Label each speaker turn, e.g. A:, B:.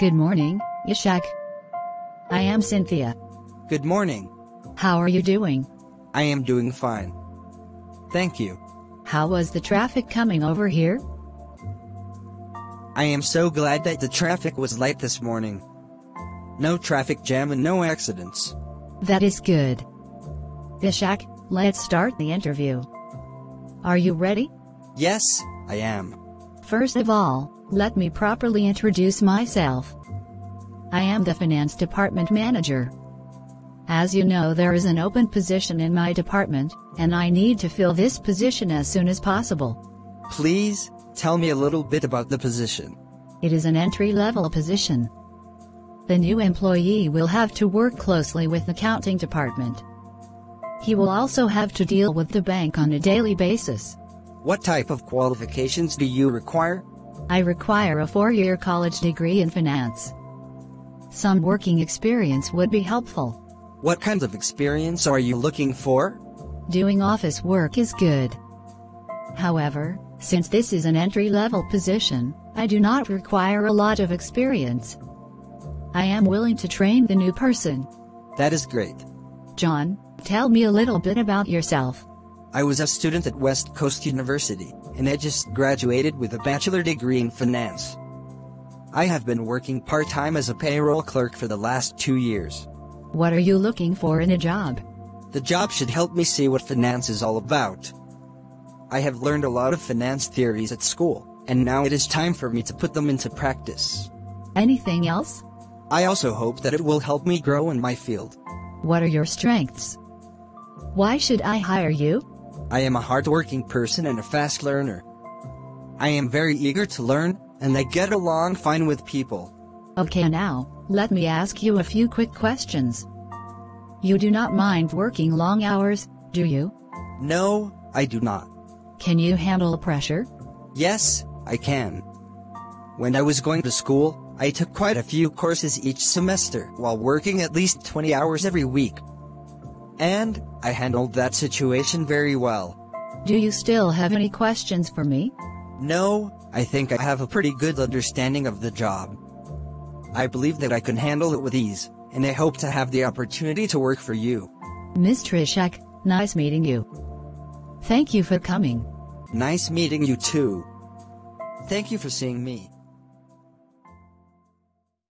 A: Good morning, Yashak. I am Cynthia. Good morning. How are you
B: doing? I am doing fine. Thank you.
A: How was the traffic coming over here?
B: I am so glad that the traffic was light this morning. No traffic jam and no accidents.
A: That is good. Yashak, let's start the interview. Are you ready?
B: Yes, I am.
A: First of all, let me properly introduce myself. I am the finance department manager. As you know there is an open position in my department, and I need to fill this position as soon as possible.
B: Please, tell me a little bit about the position.
A: It is an entry-level position. The new employee will have to work closely with the accounting department. He will also have to deal with the bank on a daily basis.
B: What type of qualifications do you require?
A: I require a four-year college degree in finance. Some working experience would be helpful.
B: What kinds of experience are you looking for?
A: Doing office work is good. However, since this is an entry-level position, I do not require a lot of experience. I am willing to train the new person.
B: That is great.
A: John, tell me a little bit about yourself.
B: I was a student at West Coast University, and I just graduated with a bachelor degree in finance. I have been working part-time as a payroll clerk for the last two years. What are you
A: looking for in a job?
B: The job should help me see what finance is all about. I have learned a lot of finance theories at school, and now it is time for me to put them into practice. Anything else? I also hope that it will help me grow in my field. What are your strengths?
A: Why should I hire you?
B: I am a hardworking person and a fast learner. I am very eager to learn, and I get along fine with people.
A: Okay now, let me ask you a few quick questions. You do not mind working long hours, do you? No, I do not. Can you handle pressure?
B: Yes, I can. When I was going to school, I took quite a few courses each semester while working at least 20 hours every week. And, I handled that situation very well. Do you still have any questions for me? No, I think I have a pretty good understanding of the job. I believe that I can handle it with ease, and I hope to have the opportunity to work for you. Ms.
A: Trishak, nice meeting you. Thank you for coming.
B: Nice meeting you too. Thank you for seeing me.